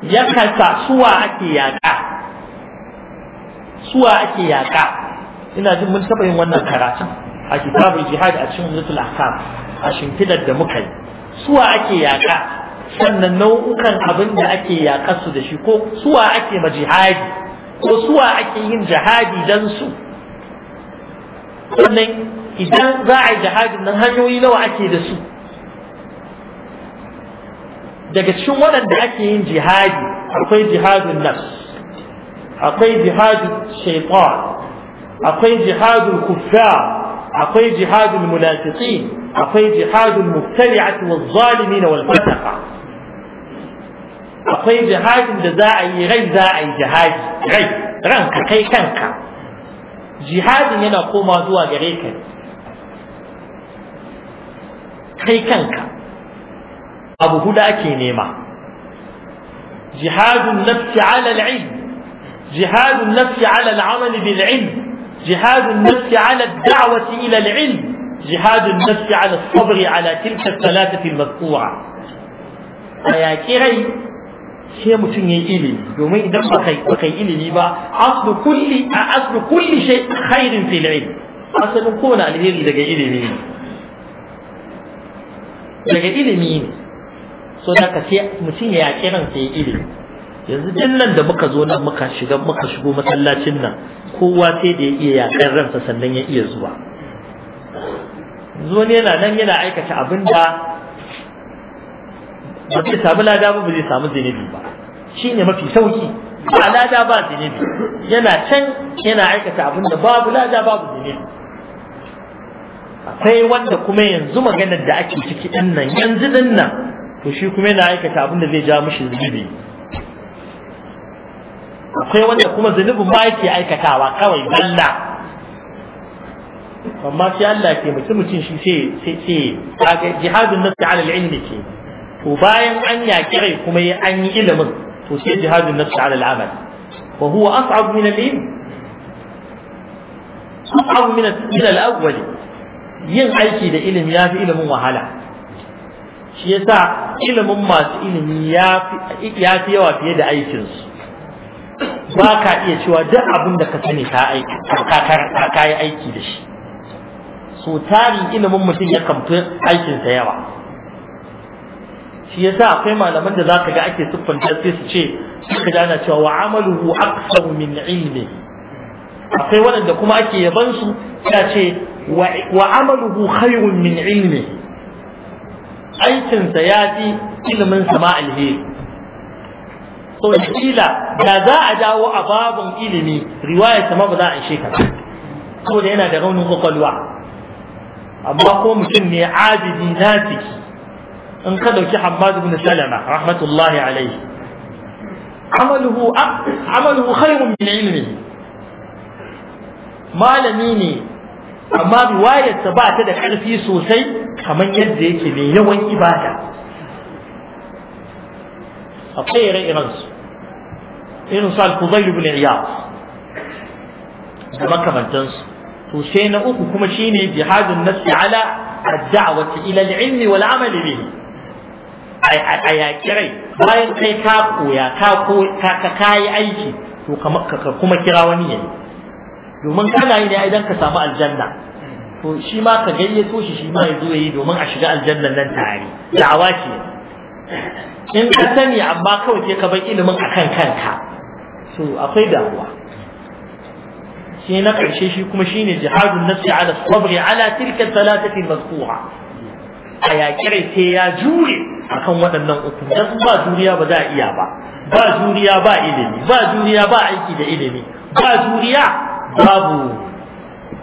ya kasa suwa ake yaka suwa ake yaka ina jin mun taba yin wannan karatun a kitabul jihad a cikin umdatul ahkam a shimfidar da muka yi suwa ake yaka sannan nau'ukan abin da ake yakar su da shi ko suwa ake ma jihadi ko suwa ake yin jihadi dan su wannan idan za a yi jihadin nan hanyoyi nawa ake da su daga cikin waɗanda ake yin jihadi akwai jihadin nafs akwai jihadin shaitan akwai jihadin kufa akwai jihadin munafiqin akwai jihadun mubtali'at wal zalimin wal fataka akwai jihadin da za a yi rai za a yi jihadi rai ranka kai kanka jihadin yana koma zuwa gare ka kai kanka abu huda ake nema jihadun nafsi ala al-ilm jihadun nafsi ala al-amal bil ilm jihadun nafsi ala ad-da'wati ila al-ilm jihadun nafsi ala as-sabr ala tilka ath-thalathati al-madhkura rai sai mutum ya yi ilimi domin idan ba kai ba kai ilimi ba aslu kulli a aslu kulli shay khairin fil asalin kowane alheri daga ilimi ne daga ilimi ne so da ka sai mutum ya yaƙi ran sai ilimi yanzu dillan da muka zo nan muka shiga muka shigo masallacin nan kowa sai da ya iya yaƙar ransa sannan ya iya zuwa zuwa ne yana nan yana aikata abin da ba zai samu lada ba ba zai samu zinubi ba shine mafi sauki ba lada ba zinubi yana can yana aikata abin da babu lada babu zinubi akwai wanda kuma yanzu maganar da ake ciki din nan yanzu din nan to shi kuma yana aikata abin da zai ja mishi zinubi akwai wanda kuma zunubin ma yake aikatawa kawai balla amma sai Allah ke mutum mutum shi sai sai sai jihadun nafsi ala al-ilmi ke to bayan an yaƙi rai kuma ya an yi ilimin to sai jihadun nafsi ala al'amal wa huwa as'ab min al-ilm as'ab min al-awwal yin aiki da ilimi yafi ilimin wahala shi yasa ilimin masu ilimi ya fi yawa fiye da aikinsu ba ka iya cewa duk abin da ka sani ka yi aiki da shi so tarin ilimin mutum ya kamfi aikinsa yawa shi yasa akwai malaman da zaka ga ake siffanta sai su ce suka ga ana cewa wa amaluhu aktsaru min ilmi akwai wanda kuma ake yaban su ya ce wa amaluhu khairun min ilmi aikin sa ya fi ilimin sa ma alheri to kila da za a dawo a babun ilimi riwaya ta ba an a shekara saboda yana da raunin kokolwa amma ko mutum ne abidi na in ka dauki Hammad ibn Salama rahmatullahi alayhi amaluhu amaluhu khairun min ilmi malami ne amma ta ba ta da karfi sosai kamar yadda yake mai yawan ibada akwai ire irinsu irin su al-fudayl ibn iyad da makamantansu to sai na uku kuma shine jihadun nafsi ala ad-da'wati ila al-ilmi wal amali bihi a yaƙi rai bayan kai ka koya ka kayi aiki to ka kuma kira wani yayi domin kana yi ne idan ka samu aljanna to shi ma ka gayyato shi shi ma ya zo yi domin a shiga aljannan nan tare da'awa ce in ka sani amma kawai sai ka bar ilimin akan kanka to akwai damuwa sai na karshe shi kuma shine jihadun nafsi ala sabri ala tilka salatati mazkura a yaƙi sai ya jure akan waɗannan uku dan ba duniya ba za a iya ba ba juriya ba ilimi ba juriya ba aiki da ilimi ba duniya babu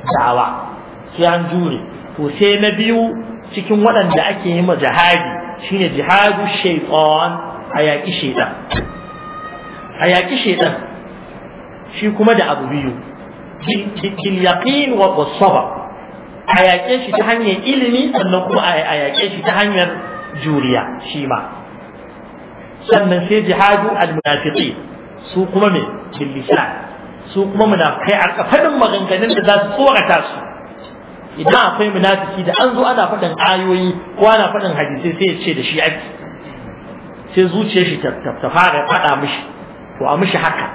dawa sai an jure to sai na biyu cikin waɗanda ake yi ma jihadi shine jihadu shaytan a yaƙi shaytan a shaytan shi kuma da abu biyu bil yaqin wa sabr a shi ta hanyar ilimi sannan kuma a shi ta hanyar juriya shi ma sannan sai jihadu almunafiqi su kuma me bil lisan su kuma munafikai a kafadin maganganun da za su tsorata su idan akwai munafiki da an zo ana faɗin ayoyi ko ana faɗin hadisai sai ya ce da shi ake sai zuciyar shi ta fara faɗa mishi to a mishi haka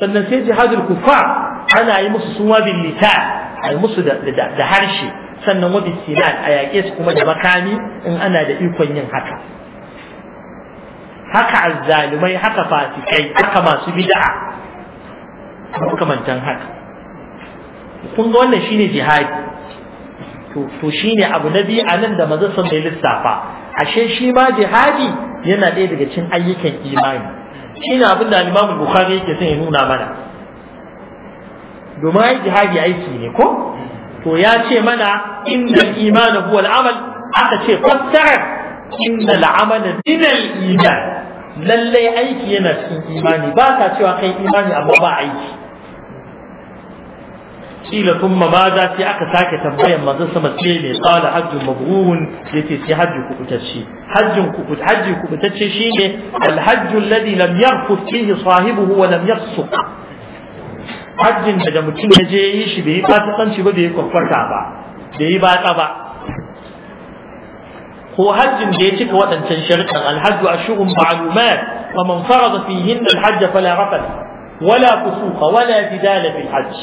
sannan sai jihadul kufar ana yi musu suma bil lisan a yi musu da harshe sannan wabi sinan a yaƙe su kuma da makami in ana da ikon yin haka haka azzalumai haka fasikai haka masu bid'a makamantan haka kun ga wannan shine jihadi to to shine abu na biyu anan da manzon sun bai lissafa ashe shi ma jihadi yana ɗaya daga cikin ayyukan imani shine abin da Imam Bukhari yake son ya nuna mana domin jihadi aiki ne ko to ya ce mana innal iman huwa al-amal aka ce fassara innal amal min al-iman lalle aiki yana cikin imani ba ka cewa kai imani amma ba aiki kila kuma ma za sai aka sake tambayan manzo sama ce ne qala hajjun mabrurun yace sai hajji ku kutacce hajjin ku kut hajji ku kutacce shine al hajju alladhi lam yarfut fihi sahibuhu wa lam yafsuq hajjin da mutum ya je yi shi bai yi fasikanci ba bai yi kwakwata ba da yi batsa ba ko hajjin da ya cika waɗancan sharɗan alhajju ashurun ma'lumat wa man farada fihin alhajj fa la fala rafal wala fusuqa wala jidala fil hajj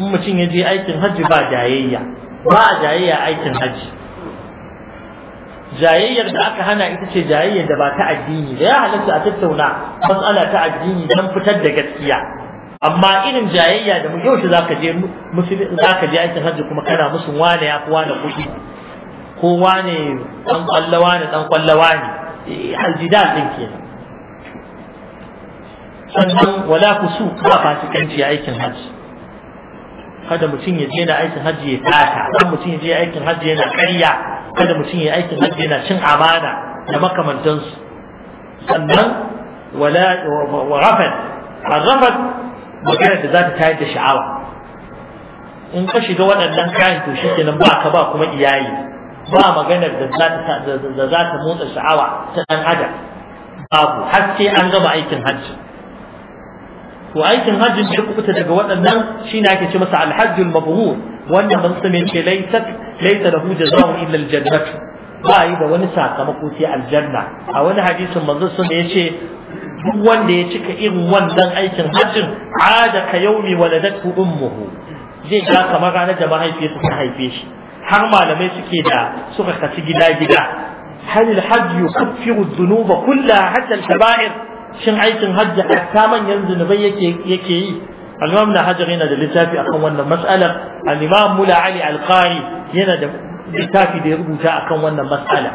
in mutum ya je aikin hajji ba jayayya ba a jayayya aikin hajji jayayyar da aka hana ita ce jayayyar da ba ta addini da ya halatta a tattauna matsala ta addini don fitar da gaskiya amma irin jayayya da mu yau shi zaka je musulmi zaka je aikin hajji kuma kana musun wane ya fi wane kuɗi ko wane dan kwallawa ne dan kwallawa ne eh, aljidal din kenan sannan wala kusu ba fasikanci aikin hajji kada mutum ya je na aikin hajji ya tata kan mutum ya je aikin hajji yana karya kada mutum ya aikin hajji yana cin amana da makamantansu sannan wala wa rafat rafat magana da za ta tayar da sha'awa in ka shiga waɗannan kayan to nan ba ka ba kuma iyayi ba maganar da za ta motsa sha'awa ta ɗan adam babu har sai an gama aikin hajji to aikin hajjin da kuka daga waɗannan shine ake ce masa alhajjul mabrur wanda mun sani ce laysat laysa lahu jazaa'un illa al-jannah ba yi da wani sakamako sai aljanna a wani hadisin manzo suna da yace duk wanda ya cika irin wannan aikin hajjin A da ka yaumi waladatu ummuhu zai ga kamar ranar da mahaifiyarsa ta haife shi har malamai suke da suka kaci gida gida hal alhajj yukaffiru dhunuba kullaha hatta al-kaba'ir shin aikin hajji hatta manyan zunubai yake yake yi al-imam na hajar yana da littafi akan wannan mas'alar al-imam mula ali al-qari yana da littafi da ya rubuta akan wannan matsala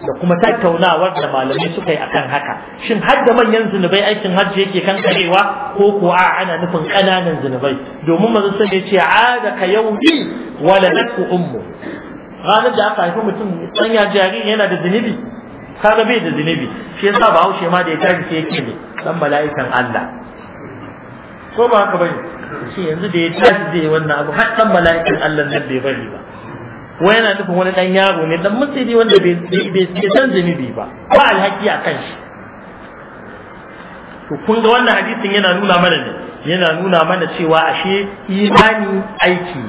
da kuma tattaunawar da malamai suka yi akan haka shin har da manyan zunubai aikin hajji yake kankarewa ko ko a ana nufin kananan zunubai domin mazan sai ya ce ada ka yaumi waladatu ummu ranar da aka haifi mutum sanya jariri yana da zunubi kaga bai da zunubi shi yasa ba haushe ma da ya tafi sai yake ne dan mala'ikan Allah ko ba haka bane shi yanzu da ya tashi zai wannan abu har dan mala'ikan Allah nan bai bari ba wai yana nufin wani ɗan yaro ne dan musulmi wanda bai san zunubi ba ba alhaki a kan shi to kun ga wannan hadisin yana nuna mana ne yana nuna mana cewa ashe imani aiki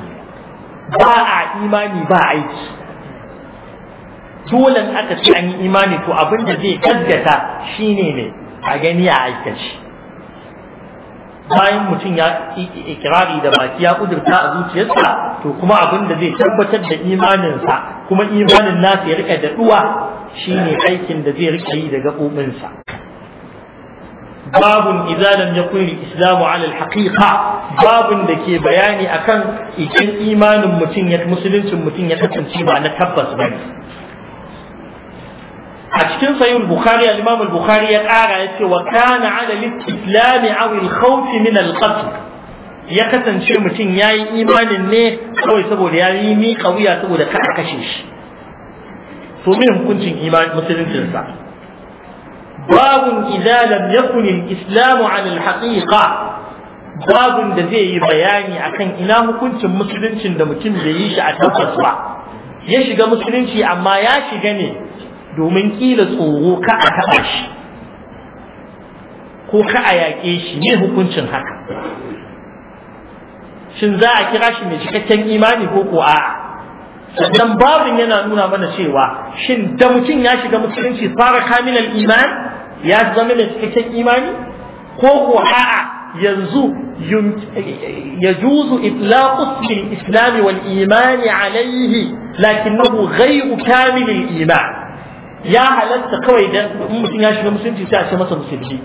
ba a imani ba aiki dole aka ce an yi imani to abin da zai gaggata shine ne a gani a aikace bayan mutum ya ikirari da baki ya kudurta a zuciyarsa to kuma abin da zai tabbatar da imaninsa kuma imanin nasa ya rika daɗuwa shine aikin da zai rika yi da gaɓoɓinsa babun idza lam yakun islamu ala al-haqiqa babun da ke bayani akan idan imanin mutum ya musuluncin mutum ya kasance ba na tabbas bane a cikin sayin bukhari al-imam al-bukhari ya kara ya ce wa kana ala al-islam aw al-khawf min al-qatl ya kasance mutum yayi imanin ne kawai saboda yi mi kawiya saboda ka kashe shi to min hukuncin imanin musuluncinsa sa باب إذا لم يكن الإسلام عن الحقيقة باب da zai yi bayani akan ina hukuncin musuluncin da mutum bai yi shi a tabbas ba ya shiga musulunci amma ya shiga ne domin kila tsoro ka a taɓa shi ko ka a yaƙe shi ne hukuncin haka shin za a kira shi mai cikakken imani ko ko a sannan babin yana nuna mana cewa shin da mutum ya shiga musulunci fara kamilan iman ya zama mai cikakken imani ko ko a yanzu يجوز إطلاق اسم الإسلام والإيمان عليه لكنه غير كامل الإيمان ya halatta kawai dan mutum ya shiga musulunci sai a ce masa musulmi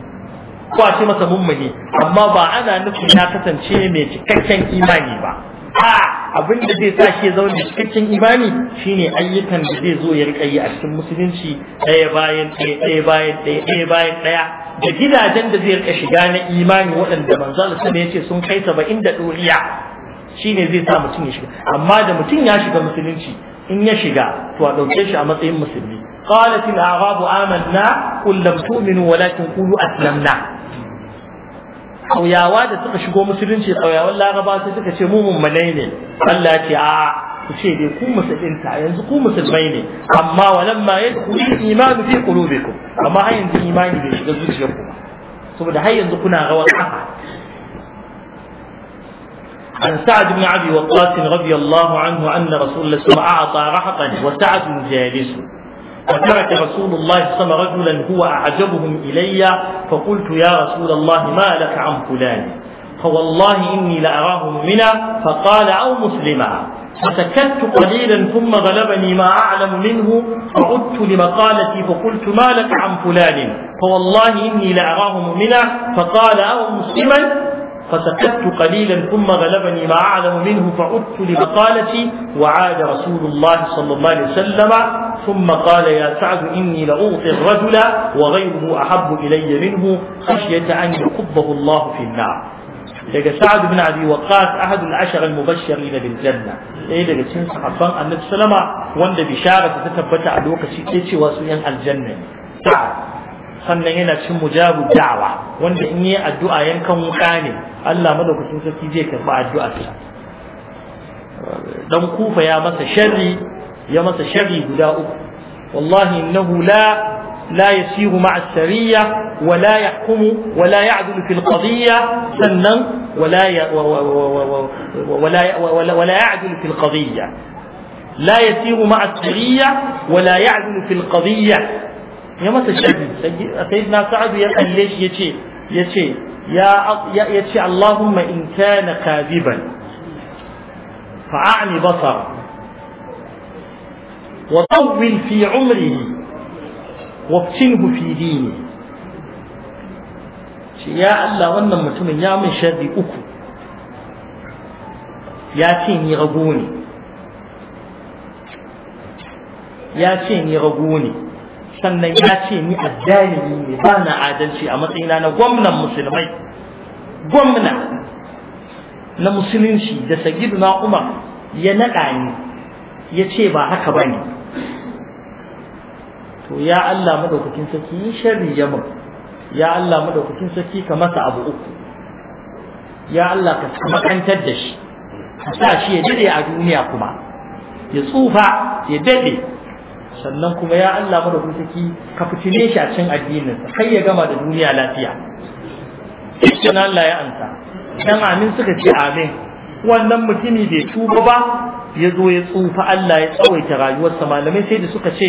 ko a ce masa mummuni amma ba ana nufin ya kasance mai cikakken imani ba a abin da zai sa shi zaune cikakken imani shine ayyukan da zai zo ya rika yi a cikin musulunci ɗaya bayan ɗaya ɗaya bayan ɗaya ɗaya bayan ɗaya da gidajen da zai rika shiga na imani waɗanda manzo Allah ya ce sun kai saba'in da ɗoriya shine zai sa mutum ya shiga amma da mutum ya shiga musulunci in ya shiga to a ɗauke shi a matsayin musulmi قالت الأعراب آمنا قل لم تؤمنوا ولكن قولوا أسلمنا أو يا واد تقشقو مسلم شيء أو يا ولا غبات تقشمو من منين قال لك يا شيء آه، يكون مثل أنت يكون مثل بيني أما ولما يدخل الإيمان في قلوبكم أما هاي الإيمان إيمان بيش قصدك شو ثم ده هاي عند غوات عن سعد بن عبي وقاص رضي الله عنه أن رسول الله صلى الله عليه وسلم أعطى رحقا وسعد جالس وترك رسول الله صلى رجلا هو أعجبهم إلي فقلت يا رسول الله ما لك عن فلان فوالله إني لأراه منا فقال أو مسلما فسكت قليلا ثم غلبني ما أعلم منه فعدت لمقالتي فقلت ما لك عن فلان فوالله إني لأراه مؤمنا فقال أو مسلما فسكت قليلا ثم غلبني ما أعلم منه فعدت لمقالتي وعاد رسول الله صلى الله عليه وسلم ثم قال يا سعد إني لأعطي الرجل وغيره أحب إلي منه خشية أن يكبه الله في النار daga Sa'ad bin Abi Waqqas ahadul ashar al-mubashshirin bil janna ɗaya daga cikin sahabban Annabi sallama wanda bishara ta tabbata a lokaci ke cewa su yan aljanna ne Sa'ad sannan yana cin mujabu da'wa wanda in yi addu'a yankan wuka ne Allah madaukakin sarki zai karba addu'a ta dan kufa ya masa sharri ya masa sharri guda uku wallahi innahu la لا يسير مع السرية ولا يحكم ولا يعدل في القضية سنا ولا ي... ولا ولا ولا يعدل في القضية لا يسير مع السرية ولا يعدل في القضية ya masa shari sayyidina sa'ad ya kalle shi yace yace ya yace Allahumma in kana kadiban fa a'ni basara wa tawwil fi umrihi wa tinhu fi dini shi ya Allah wannan mutumin ya min sharri uku ya ce ni rago ne ya ce ni rago ne sannan ya ce ni addalimi ne ba na adalci a matsayina na gwamnan musulmai gwamna na musulunci da na umar ya naɗa ni ya ce ba haka ba ne to ya Allah madaukakin sarki yi sharri ya mun ya Allah madaukakin saki, ka masa abu uku ya Allah ka makantar da shi ka sa shi ya dade a duniya kuma ya tsufa ya dade sannan kuma ya Allah mu da hutaki ka fitine shi a cikin addinin sa kai ya gama da duniya lafiya sannan Allah ya anta dan amin suka ce amin wannan mutumi bai tuba ba ya zo ya tsufa Allah ya tsawaita rayuwarsa malamai sai da suka ce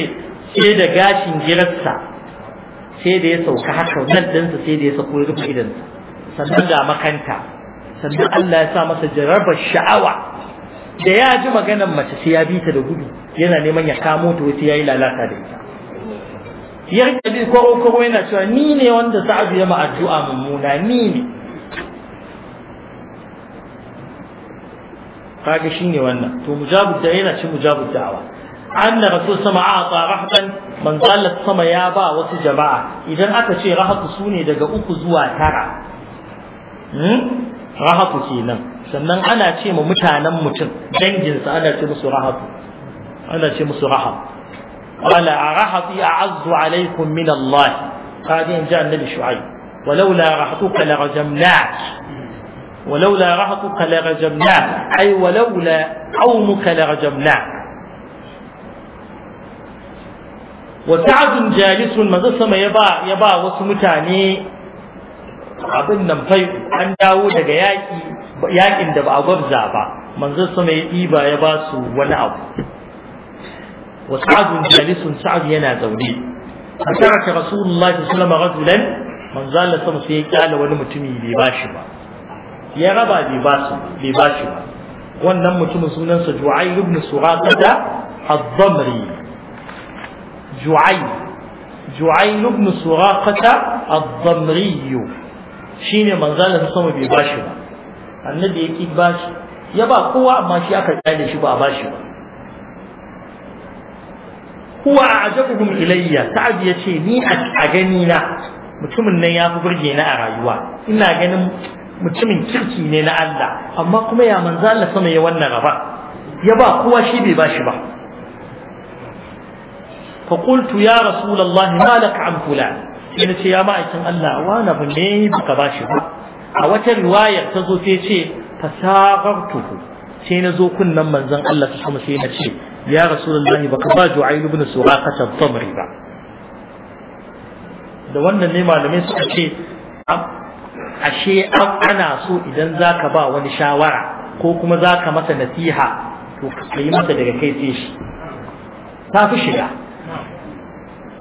sai da gashin girarsa sai da ya sauka haka nan sa sai da ya sako ya rufe sa sannan ga makanta sannan Allah ya sa masa jarabar sha'awa da ya ji maganar mace sai ya bi ta da gudu yana neman ya kamo ta wata ya yi lalata da ita ya rike bi kwaro kwaro yana cewa ni ne wanda sa'adu ya ma'addu'a mummuna ni ne kaga shine wannan to mujabud da yana ci mujabud da'awa anna rasul sama a'ta rahban man zalla sama ya ba wasu jama'a idan aka ce rahatu sune daga uku zuwa tara hmm? rahatu kenan sannan ana ce ma mutanen mutum dangin sa ana ce musu rahatu ana ce musu rahab qala rahati a'azzu alaikum min Allah qadi in ja annabi shu'aib walaula rahatuka la rajamna walaula rahatuka la rajamna ay walaula qaumuka la rajamna wa sa'd jalisun manzo yaba yaba wasu mutane abin nan fai an dawo daga yaƙi yaƙin da ba a gwabza ba manzo sama ya ɗiba ya ba su wani abu wa sa'adun jalisun sa'ad yana zaune a taraka rasulullahi sallallahu alaihi wasallam manzo Allah sama sai ya kyala wani mutumi bai ba shi ba ya raba bai ba su bai ba shi ba wannan mutumin sunansa Ju'ai ibn Suraqata ad zamri Ju'ayr Ju'ayr ibn Suraqata ad-Damri shine manzon sa sama bai bashi ba annabi yake bashi ya ba kowa amma shi aka kyale shi ba bashi ba Kuwa huwa a'jabuhum ilayya sa'ad ce ni a gani na mutumin nan ya fi burge na a rayuwa ina ganin mutumin kirki ne na Allah amma kuma ya manzo Allah sama ya wannan rabar. ya ba kowa shi bai bashi ba fa qultu ya rasulullah ma lak an fulan Ina ce ya ma'aikin Allah wani ba ne baka ba shi ba a wata riwayar ta zo sai ce sabartu. sai na zo kunnan manzon Allah ta kuma sai na ce ya rasulullahi baka ba ju'ayl ibn ta tamri ba da wannan ne malamai suka ce ashe ana so idan zaka ba wani shawara ko kuma zaka masa nasiha to ka yi masa daga kai sai shi ta fi shiga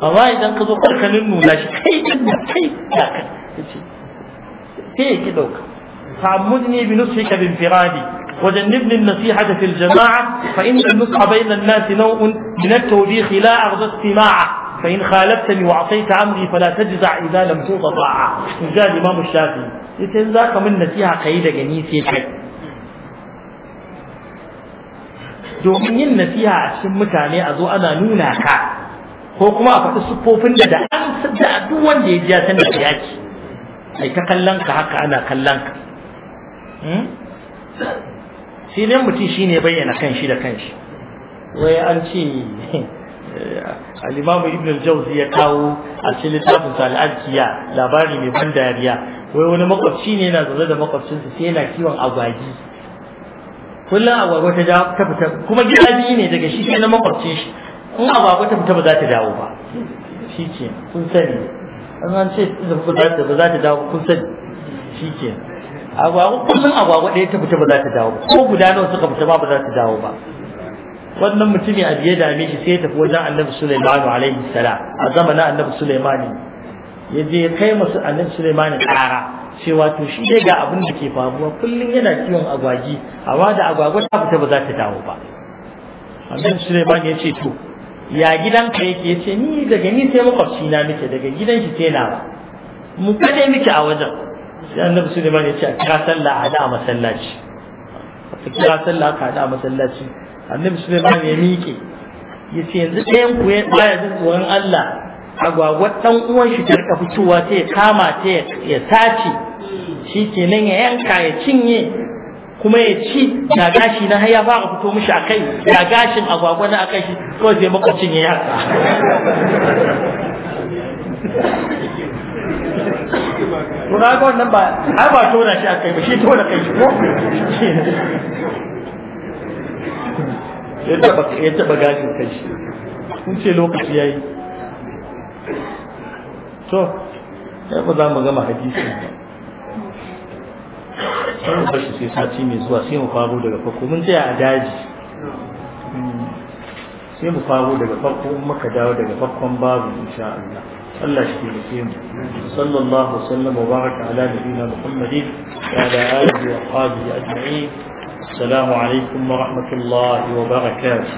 amma idan ka zo ka nuna shi kai din kai kai sai dauka bi وجنبني النصيحة في الجماعة فإن النصح بين الناس نوع من التوبيخ لا أرضى استماعه فإن خالفتني وعصيت أمري فلا تجزع إذا لم توطى طاعة الإمام الشافعي يتن ذاك من نصيحة قيدة جنيسي domin yin nasiha a cikin mutane a zo ana nuna ka ko kuma a faɗi siffofin da da an sadda duk wanda ya ji ya san da ai ta kallon ka haka ana kallon ka hmm? shi ne mutum shi ne bayyana kanshi da kanshi wai an ce eh, al ibn al-jawzi ya kawo a cikin littafin sa al-adkiya labari mai ban dariya wai wani makwabci ne yana zaune da makwabcinsa sai yana kiwon agwagi kullum agwagwa ta ta fita kuma gida biyu ne daga shi sai na makwabcin shi in a ba ta ba za ta dawo ba shi ke kun sani an an ce ba za ta dawo kun sani shi ke agwagwa kullum agwagwa ɗaya ta fita ba za ta dawo ba ko guda nawa suka fita ba ba za ta dawo ba wannan mutumi a biye dame shi sai ya tafi wajen annabi Sulaiman alaihi salam a zamanin annabi Sulaiman ya je kai masu annabi Sulaiman ƙara cewa to shi dai ga abin da ke faruwa kullum yana kiwon agwagi amma da agwagwa ta fita ba za ta dawo ba annabi Sulaiman ya ce to ya gidanka yake ce ni daga ni sai makwabci na muke daga gidan shi sai nawa mu kade muke a wajen sai annabi Sulaiman ya ce a kira sallah a da masallaci a kira sallah ka da masallaci annabi Sulaiman ya miƙe ya ce yanzu ɗayan ku ya baya jin tsoron Allah agwagwar ɗan uwan shi ta rika fitowa sai ya kama ta ya tace, shi kenan ya yanka ya cinye kuma ya ci ga gashi na har ya fara fito mishi a kai ga gashin agwagwa na akai shi ko sai makwacin ya yaka to ga wannan ba ai ba tona shi akai ba shi tona kai shi ko ya taba gashin kai shi kun ce lokaci yayi to sai ba za mu gama hadisi sai mu bashi sai sati mai zuwa sai mu faro daga farko mun tsaya a daji hmm. sai mu faro daga farko in muka dawo daga farkon babu insha Allah Allah shi ke nufi mu sallallahu sallam wa baraka ala nabiyina muhammadin wa ala alihi wa ashabihi ajma'in assalamu alaikum wa rahmatullahi wa barakatuh